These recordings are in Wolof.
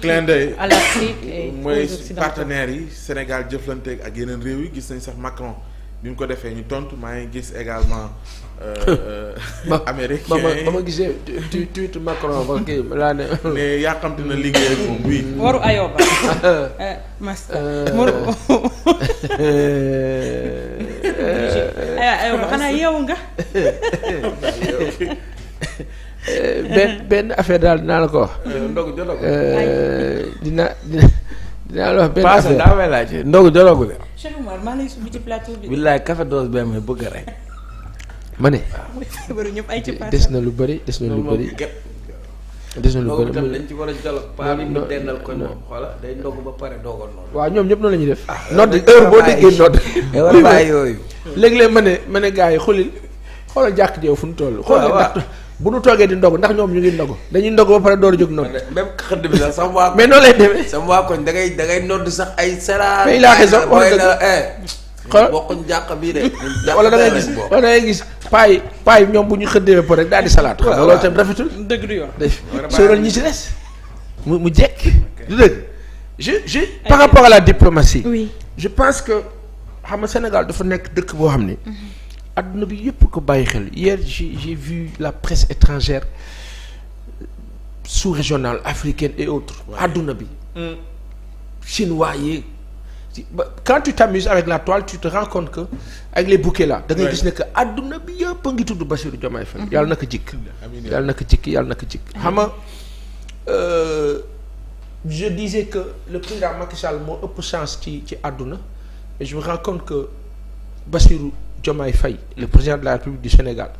clin d'œil mooy partenaires yi Sénégal jëflante ak yeneen réew yi gis nañ sax Macron bi mu ko defee ñu tontu maa ngi gis également euh, américain ba ma gisee tu tweet yàqamti na liggéey ak waru ayoba xanaa yeewu nga benn euh, benn affaire daal dinaa la ko wax. Euh, ndogu dina euh, dina dinaa la wax benn affaire paase daa may laaj ndogu jotagul. Cheikh Oumar maa lay bi. billaay café dose rek. ma ne. des na lu bëri des na lu bëri. des na lu bëri moom waaw ñoom ñëpp noonu la ñuy def. Ah, nodd heure boo déggee nodd. Eh, war ma ne ma ne gars yi xulil xoolal jàkk jeew fu mu toll. waaw waaw xoolal bu nu toogee di ndogu ndax ñoom ñu ngi ndogu dañuy ndogu ba pare door jóg noonu. même xëdd bi sax sama waa. mais noonu lay demee. sama waa koñ da ngay da ngay sax ay. sera mais la eh. jàq bii de. wala da ngay gis wala da ngay gis paay paay ñoom bu ñuy xëddee ba pare daal di salaat. waaw loolu itam rafetul. dëgg du yoon sóoral ñi ci mu mu jekk. du dëgg je je par rapport je pense que xam nga Sénégal dafa nekk dëkk boo xam ni. Mhm. adduna bi yëpp ko bàyyi xel hier j'ai vu la presse étrangère sous-régionale africaine et autres adduna bi mm. chinois yi quand tu t'amuses avec la toile tu te rends que avec les bouquets là da ngay gis ne adduna bi yëpp a ngi tudd Bassirou Diomaye Faye mm-hmm. yàlla na ko jikk yàlla na ko jikk yàlla na xam nga je disais que le président Macky Sall moo ëpp chance ci ci adduna je me que Bassirou Diomaye Faye le président de la République du Sénégal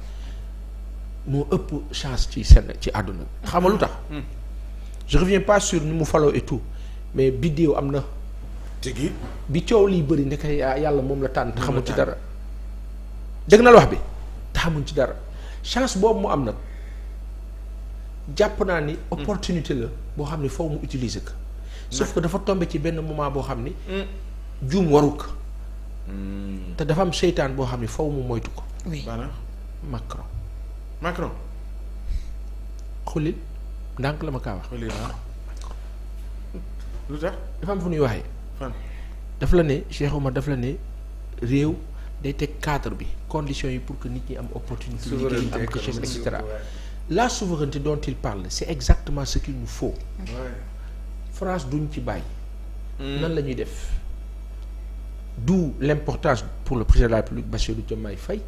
moo ëpp chance ci sen ci àdduna bi tax hmm. je reviens pas sur ni mu falo et tout mais biddéew am na tigi bi coow liy bëri nekk yàlla moom la tànn te xamul ci dara dégg na la wax bi te ci dara chance boobu mu am na jàpp naa ni hmm. opportunité la boo xam ne foofu mu utiliser ko sauf que dafa tombé ci benn moment boo xam ni hmm. juum waru ko te dafa am seytaan boo xam ne faw mu moytu ko. oui Macron. Macron. xulil ndànk la ma kaa wax. Ah. dafa am fu ñuy waxee. fan daf la ne Cheikh Oumar daf la ne réew day teg cadre bi conditions yi pour que nit ñi am opportunité. liggéey am richesse et cetera. la souveraineté dont il parle c'est exactement ce qu'il nous faut. Ouais. France duñ ci bàyyi. Hmm. nan la ñuy def. d'où l'importance pour le président de la République Bassirou Diomaye Faye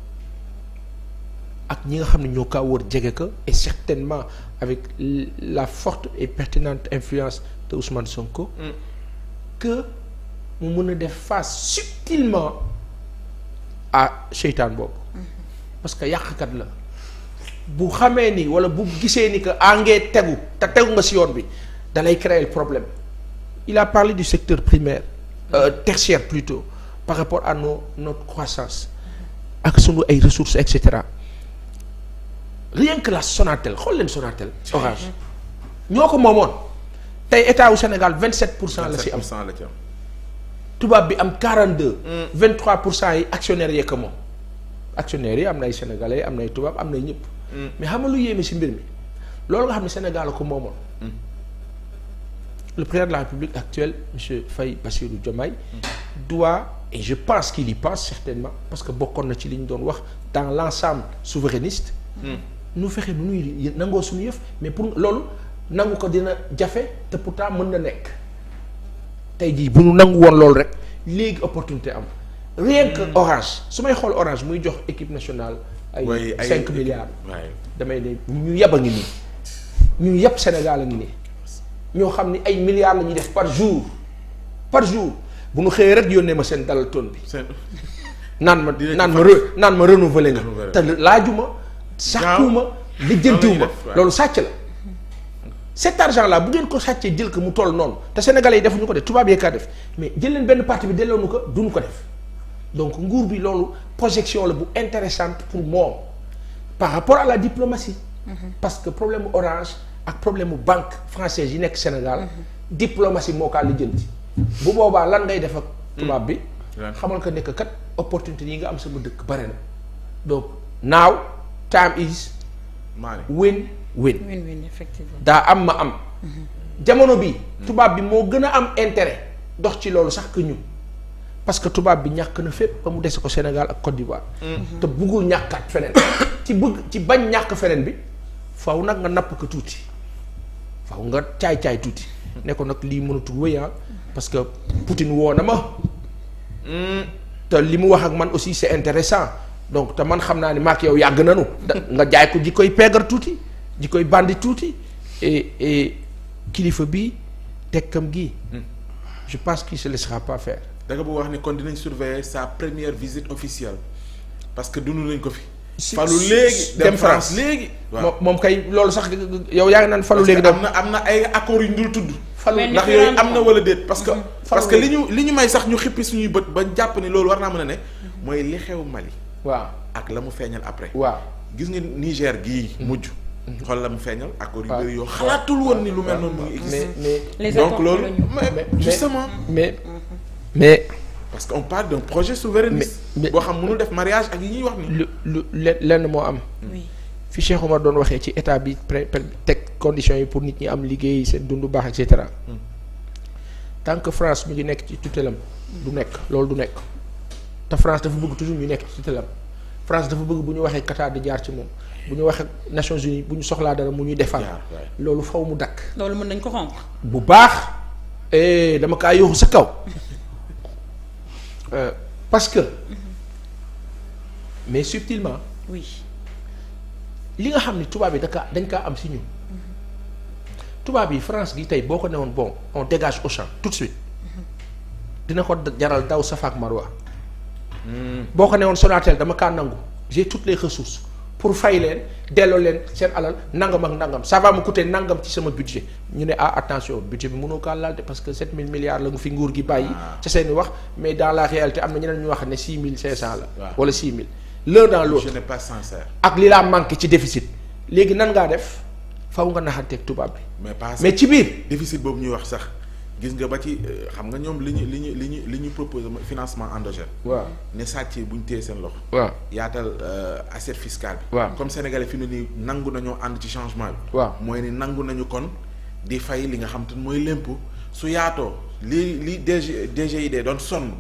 ak ñi nga xam ne ñoo kaa wër jege ko et certainement avec la forte et pertinente influence de Ousmane Sonko. Mm. que mu mën a def face subtilement à seytaan boobu. Mm-hmm. parce que yàqkat la. bu xamee ni wala bu gisee ni que à ah ngee tegu te tegu nga si yoon bi dalay lay créer problème. il a parlé du secteur primaire. Euh, mm. tertiaire plutôt. par rapport à nos notre croissance ak sunu ay ressources et cetera rien que la Sonatel xool leen Sonatel Orange ñoo ko moomoon tey état wu vingt 27 pour cent la si am tubaab bi am quarante deux 42. Mm. 23 pour cent yi actionnaires yee moom actionnaires yi am na ay sénégalais am na ay tubaab am na ñëpp. Mm. mais xam nga lu yéeme si mbir mi loolu nga xam ne Sénégal ko moomoon. Mm. le président la République actuelle monsieur Faye Bassirou Diomaye mm. doit et je pense qu'il y pense certainement parce que bokkoon na ci li ñu doon wax dans l'ensemble souverainiste mm. nu fexe nu nuy nangoo suñu yëf mais pour loolu nangu ko dina jafe te pour pourtant mën na nekk tey jii bu nu nangu woon loolu rek léegi opportunité am rien mm. orange su may xool orange muy jox équipe nationale ay cinq milliards damay ne ñu yab a ngi nii ñu yab Sénégal a ngi nii ñoo xam ni ay milliards la ñuy def par jour par jour bu ñu xëyee rek yónnee ma seen dalal ton bi. naan ma naan ma re naan ma renouveler nga. te laajuma. sàkkuma lijjantiwuma loolu sàcc la. cet argent là bu ngeen ko sàccee jël ko mu toll noonu te sénégalais yi defuñu ko def tubaab yee kaa def mais jël leen benn parti bi delloonu ko duñu ko def donc nguur bi loolu projection la bu intéressante pour moom par rapport à la diplomatie. Mm-hmm. parce que problème orange. ak problème bu banque française yi nekk Sénégal diplomatie moo kaa ci bu boobaa lan ngay def ak tubaab bi xamal ko nekk kat opportunité yi nga am sama dëkk bare na donc now time is win win win daa am ma am mhm. jamono bi mhm. tubaab bi moo gën a am intérêt dox ci loolu sax que ñu parce que tubaab bi ñàkk na fépp ba mu dese ko Sénégal ak Côte d'Ivoire mhm. te buggul ñàkkaat feneen ci bëgg ci bañ ñàkk feneen bi faw nag nga napp ko tuuti faw nga caay-caay tuuti nekkoon ko nag lii mënatul wéy ah, parce que Poutine woo na ma hmm. te li mu wax ak man aussi c'est intéressant donc te man xam naa ni maak yow yàgg nanu nga jaay ko ji koy peegar tuuti ji koy bandi tuuti et et kilifa bi tekkam gi hmm. je pense qu'il se laissera pas faire da nga bu wax ni kon dinañ surveiller sa première visite officielle parce que dund nañ ko fi falu léegi dem France léegi. moom kay loolu sax yow yaa ngi naan falu léegi. dem am am na ay accords yu ñu tudd. falu ndax yooyu am na wala déet parce que. Mhm. parce que li ñu li ñu may sax ñu xippi suñuy bët ba jàpp ni loolu war naa mën a ne. mooy li xew Mali. waaw ak la mu feeñal après. waaw gis nga Niger gii mhm. mujj. Mhm. xool la mu feeñal accords yu bëri yoo. xalaatul woon ni lu mel noonu. mu ngi existe loolu mais mais justement mais mais. parce que on parle d'un projet souverainiste. mais boo xam mënul def mariage ak yi ñuy wax ni. lu lu lenn moo am. fi Cheikh Omar doon waxee ci état bi pré teg condition yi pour nit ñi am liggéey seen dund baax et cetera. Mm. tant que France mi ngi nekk ci tutelam. du nekk loolu du nekk. te France dafa bëgg toujours ñu nekk ci tutelam. France dafa bëgg bu ñu waxee Qatar di jaar ci moom bu ñu waxee Nations Unies bu ñu soxlaa dara mu ñuy defal loolu faw mu dakk loolu mën nañ ko xonq bu baax eh, dama kaa yooxu sa kaw euh, que mais subtilement oui li nga xam ne tubaab yi daka dañ kaa am si ñun tubaab yi France gi tey boo ko woon bon on dégage Auchan tout de suite dina ko jaral daw safaak marwa hmm. boo ko newoon Sonatel dama kaa nangu j'ai toutes les ressources pour fay leen delloo leen seen alal nangam ak nangam ça va me nangam ci sama budget ñu ne ah attention budget bi mënoo kaa laal parce que 7000 milliards la nga fi nguur gi bàyyi. Ah. ci seen i wax mais dans la réalité am na ñeneen ñu wax ne 6500 la. waaw wala 6000. l'un dans l'autre je n'ai pas sincère. ak li laa manqué ci déficit léegi nan ngaa def faw nga naxanteeg tubaab bi. mais pas mais ci biir. déficit boobu ñuy wax sax. gis nga ba ci euh, xam nga ñoom li ñu li ñu li ñu li ñu proposé financement endogène. waaw ne sàcc yi bu ñu seen loxo. waaw yaatal euh, assiette fiscale bi. waaw comme sénégalais fi mu nii nangu nañoo ànd ci changement bi. waaw mooy ni nangu nañu kon di fay li nga xam te mooy lépp su yaatoo li li yi DGID doon sonn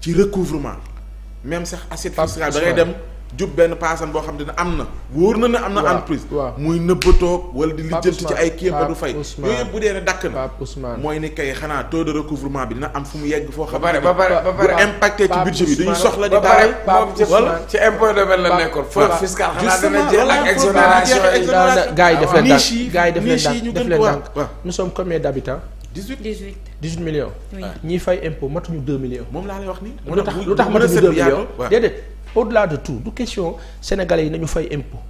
ci recouvrement même sax assiette fiscale da ngay dem. jub benn paasan boo xam ne am na wóor na ne am na entreprise muy nëbbatoog wala di lijjanti ci ay kii ba du fay yooyu yëpp bu dee ne dakk na mooy ni kay xanaa taux de recouvrement bi dina am fu mu yegg foo xam ne ba pare ba pare impacté ci budget bi dañuy soxla di daal wala ci impôt domaine la nekkoon fraude fiscale xanaa dana jël ak exonération yi def leen dànk gars yi def leen dànk def leen dànk nous sommes combien d'habitants dix-huit dix-huit dix-huit millions ñiy fay moom laa lay wax ni lu tax lu tax matuñu deux au-delà de de tout du question sénégalais yi nañu fay impôt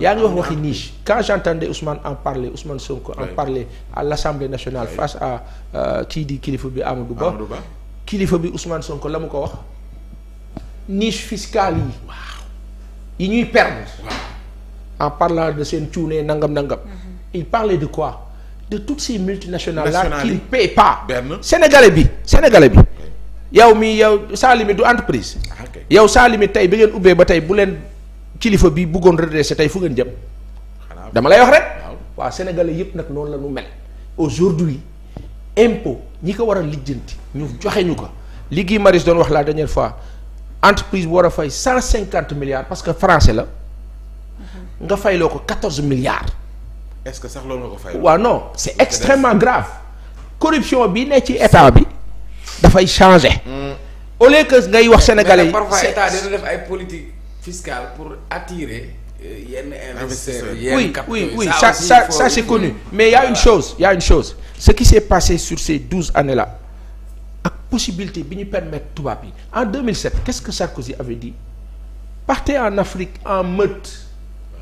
yaa ngi wax waxi niche quand j'entendais Ousmane en parler Ousmane Sonko en parler à l'Assemblée nationale face à euh, kii di kilifa bi Amadou Ba kilifa bi Ousmane Sonko la mu ko wax niche fiscale yi yi ñuy perdre en parlant de seen cuune nangam nangam mhm. il parlait de quoi de toutes ces multinationales là qu'il paie pas sénégalais bi sénégalais bi yow mi yow saa du entreprise ah, yow Sans Limites tey ba ngeen ubbee ba tey bu leen kilifa bi bëggoon redressé tey fu ngeen jëm dama lay wax rek waaw sénégalais yëpp nag noonu la ñu mel aujourd'hui impôt ñi ko war a lijjanti ñu joxe ñu ko liggéey Guy Marius doon wax la dernière fois entreprise bu war a fay cent cinquante milliards parce que français la mhm. nga fay loo ko quatorze milliards. est-ce que sax loolu nga ko fay. waaw non c'est extrêmement grave corruption bi ne ci état bi dafay changer. Mm. au que ngay wax sénégalais yi. parfois état def ay politique fiscale pour attirer euh, yenn investisseurs oui oui oui ça sa ça c'est connu mais y a une chose y a une chose ce qui s'est passé sur ces douze années là ak possibilité bi ñu permettre tubaab yi en 2007 qu'est-ce que Sarkozy avait dit partez en Afrique en meute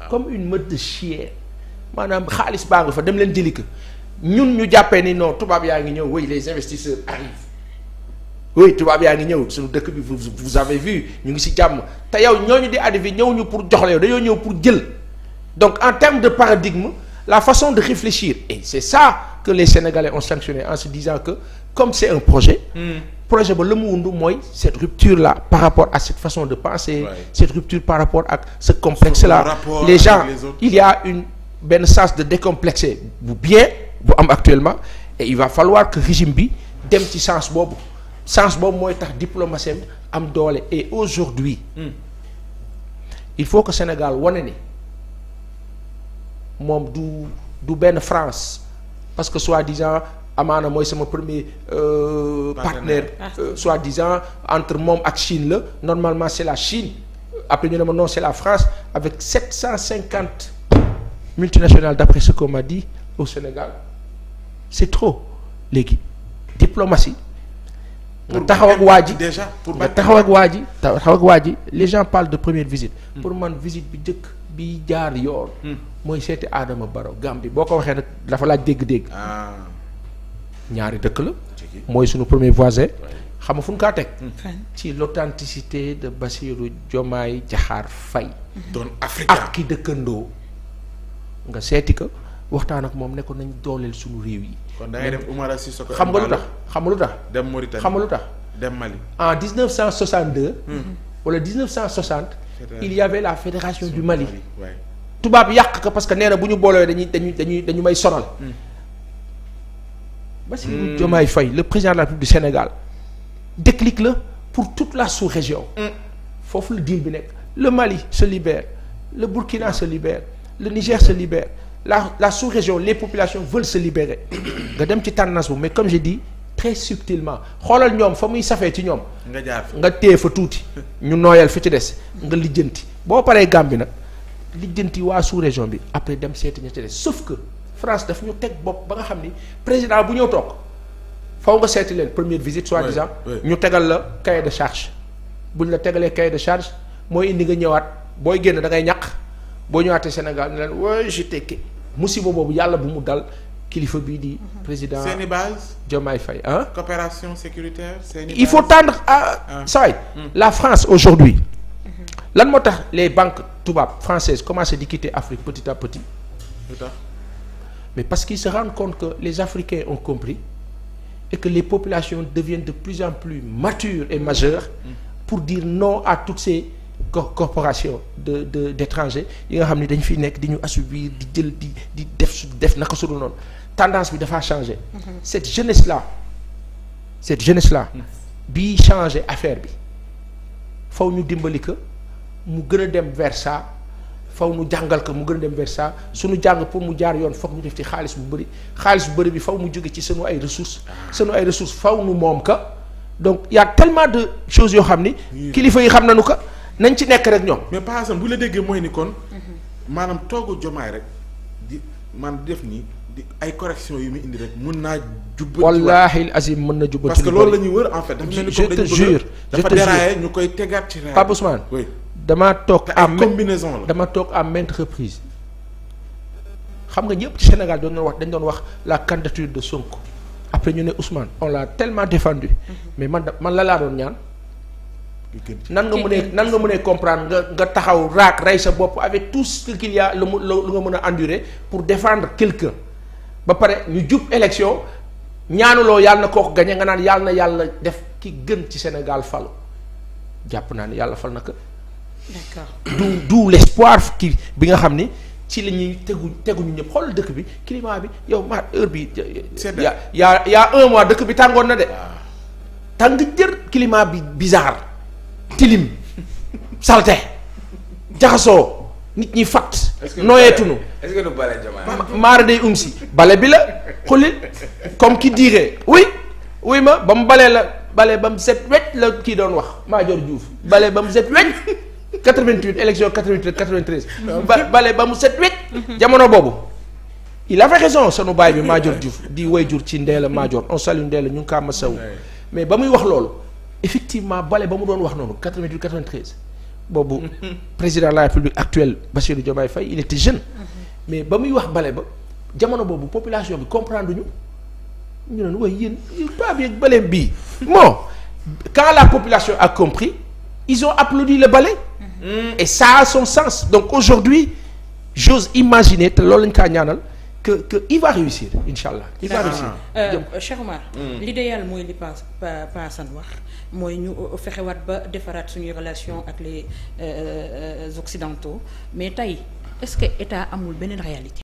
comme une meute de chiens maanaam xaalis baa nga fa dem leen jëli ko ñun ñu jàppee ni non tubaab yaa ngi ñëw wéy les investisseurs arrivent oui tubaab yaa ngi ñëw suñu dëkk bi vous avez vu ñu ngi si jàmm te yow ñooñu di arrivé ñëw ñu pour jox la yow dañoo ñëw pour jël donc en termes de paradigme la façon de réfléchir et c'est ça que les Sénégalais ont sanctionné en se disant que comme c'est un projet hmm. projet ba le mu mooy cette rupture la par rapport à cette façon de penser ouais. cette rupture par rapport à ce complexe là les gens les il y a une benn sens de décomplexé bu bien bu am actuellement et il bi dem ci sens boobu sens boobu mooy tax diplomatie am doole et aujourd'hui mm. il faut que Sénégal wane ni moom du du benn France parce que soi-disant amaana mooy sama premier euh, partenaire euh, soi-disant entre moom ak Chine la normalement c'est la Chine après ñu ne ma non c'est la France avec sept cent cinquante multinationales d'après ce qu'on m'a dit au Sénégal c'est trop léegi diplomatie nga taxaw waa ji déjà pour nga taxaw waa ji taxaw ak waa ji les gens de première visite. Hmm. pour man visite bi njëkk bi jaar yoon. Hmm. mooy seeti Adama Barrow bi boo ko waxee nag dafa laaj dégg-dégg. Ah. ñaari dëkk la. mooy suñu premier voisin. xam nga fu kaa teg. Hmm. ci l'authenticité de Bassirou Diomaye Diakhar Faye. doon africain ak ki dëkkandoo nga seeti ko. waxtaan ak moom ne ko nañ dooleel suñu réew yi. kon da ngay def xam nga lu tax xam nga lu tax. dem Mauritanie xam nga lu tax. dem Mali en 1962. Hmm. wala 1960. il y avait la fédération du Mali. tubaab yàq ka parce que nee bu ñu boolewee dañuy dañuy dañuy dañu may sonal. Hmm. Bassirou hmm. Diomaye Faye le président la République du Sénégal déclic la pour tout la sous-région. foofu la deal bi nekk le Mali se libère le Burkina se libère le Niger se libère. la la sous-région les populations veulent se libérer nga dem ci tendance bu mais comme je dis très subtilement xoolal ñoom fa muy safee ci ñoom. nga nga téye fa tuuti ñu nooyal fi ci des nga lijjanti boo paree Gambie nag lijjanti waa sous-région bi après dem seeti ñu ci des sauf que France daf ñu teg bopp ba nga xam ni président bu ñëw toog faw nga seeti leen première visite. soi-disant ñu tegal la cahier de charge bu buñ la tegalee cahier de charge mooy indi nga ñëwaat booy génn da ngay ñàq. boo ñëwaatee Sénégal ñu leen wooy je boobu yàlla bu mu dal kilifa bii di. président seeni base Diomaye coopération sécuritaire seeni il faut tendre à. Ah. saa yi hmm. la France aujourd'hui lan moo tax les banques tubaab françaises commencent di quitter Afrique petit à petit. mais parce qu'ils se rendent compte que les Africains ont compris et que les populations deviennent de plus en plus matures et majeures hmm. pour dire non à toutes ces. corporation de de d'étrangers yi nga xam ne dañu fi nekk di ñu assubi di jël di di def su def naka su dul noonu tendance bi dafaa changer. Mm-hmm. cette jeunesse là cette jeunesse là. bi changer affaire bi faw ñu dimbali ko mu gën a dem vers ça faw ñu jàngal ko mu gën a dem vers su suñu jàng pour mu jaar yoon foog ñu def ci xaalis bu bëri xaalis bu bëri bi faw mu jóge ci sunu ay ressources. Ah. sunu ay ressources faw ñu moom ka donc y a tellement de choses yoo xam ni. kilifa yi xam nañu ko. nañ ci nekk rek ñoom. mais Pa bu la déggee mooy ni kon. Mhm. maanaam toogu jomaay rek di maanaam def nii di ay correction yu muy indi rek mun naa. jubbanti wallaahi azim mën na jubbanti parce que loolu la ñuy wër en fait. dafa mel ni comme dañu bëgg dafa déraillé ñu koy tegaat ci raay. Pape Ousmane oui damaa toog. à combinaison dama toog à maintes reprises. xam nga ñëpp ci Sénégal doon wax dañ doon wax la candidature de Sonko après ñu ne Ousmane on l'a tellement défendu mhm. mais man man la laa doon ñaan. nan nga mënee nan nga mënee comprendre nga nga taxaw raak rey sa bopp avec tout ce qu'il y a lu mu lu nga mën a endurer pour défendre quelqu'un ba pare ñu jub élection ñaanuloo yàlla na kooku gañe nga naan yàlla na yàlla def ki gën ci Sénégal falu jàpp naa ne yàlla fal na ko. d'accord du du l'espoir ki bi nga xam ni. ci la ñuy tegu teguñu ñëpp xool dëkk bi climat bi yow ma heure bi yaa yaa yaa un mois dëkk bi tàngoon na de. Ah. tàng jër climat bi bizarre. tilim salte jaxasoo nit ñi fat nooyeetunu est-ce que du bale jamaa maara day um bale bi la xulil comme qui dirait oui oui ma ba mu balee la bale ba mu set wecc la kii doon wax Maajoor Diouf bale ba mu set wecc 88 élection ba bale ba mu set wecc jamono boobu il avait raison sunu baay bi Maajoor Diouf di way jur ci Ndella Maajoor on salue Ndella ñu ngi kaa ma saw mais ba muy wax loolu effectivement bale ba mu doon wax noonu 88 93 boobu président de la république actuelle Bassirou Diomaye Faye il était jeune mais ba muy wax bale ba jamono boobu population bi comprendre ñu ñu naan waaye yéen pas bien baleem bii bon quand la population ak compris ils ont applaudi le bale mm-hmm. et ça son sens donc aujourd'hui j'ose imaginer te loolu lañ kaa ñaanal que que il va réussir incha allah. il va réussir euh, Cheikh hmm. de yàlla mooy li Pa Paasan wax mooy ñu fexewaat ba defaraat suñuy relation ak les euh, euh, occidentaux mais tey est-ce que état amul beneen réalité.